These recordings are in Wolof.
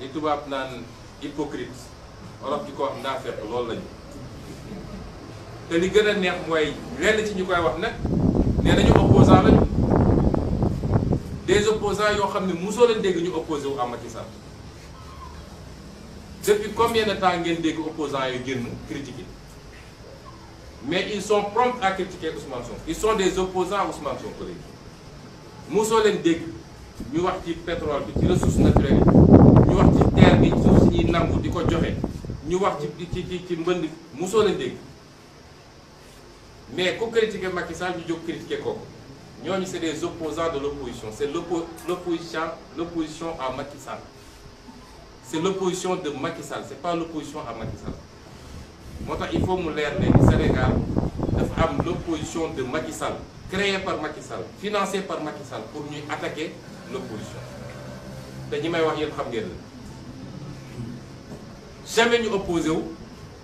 li tubaab naan hypocrite wolof di ko wax naafeq loolu lañu te li gën a neex mooy lenn ci ñu koy wax nag nee nañu opposant lañu des opposants yoo xam ne mosoo leen dégg ñu opposé wu à Macky Sall depuis combien de temps ngeen dégg opposants yooyu génn critiquer mais il sont prompts à critiquer Ousmane Sonko ils sont des opposants à Ousmane Sonko léegi mosoo leen dégg ñu wax ci pétrole bi ci ressources naturelles yi wax ci terre bi suuf si nangu di ko joxe ñu wax ci ci ci ci mbënd mosoo leen dégg mais ku critiqué Macky Sall ñu jóg critiqué ko ñooñu c'est des opposants de l'opposition c'est l'oppo l'opposition l'opposition à Macky Sall c'est l'opposition de Macky Sall c'est pas l'opposition à Macky Sall moo tax il faut mu leer ne Sénégal dafa am l'opposition de Macky Sall par Macky Sall par Macky Sall pour ñuy attaquer l'opposition te ñi may wax yéen xam ngeen jamais ñu opposé wu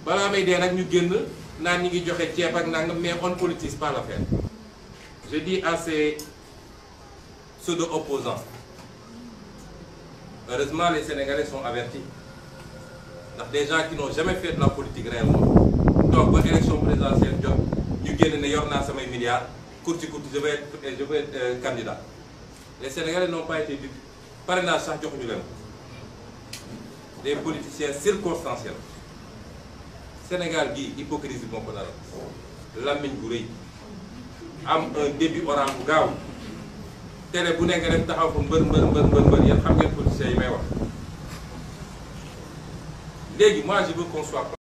balaa may dee rek ñu génn naa ñi ngi joxe ceeb ak nangam mais on politise pas l'affaire je dis à ces de opposants heureusement les Sénégalais sont avertis ndax des gens qui n'ont jamais fait de la politique réellement donc ba élection présidentielle jot ñu génn ne yor naa samay milliards courte courte je vais je vais euh, les Sénégalais n'ont pas été naa sax joxuñu leen des politiciens circonstanciels Sénégal gii hypocrisie moo ko dara làmmiñ bu rëy am un début orange bu gaaw télé bu nekk dem taxaw fa mbër mbër mbër mbër mbër xam ngeen politiciens yi may wax léegi moi je veux qu'on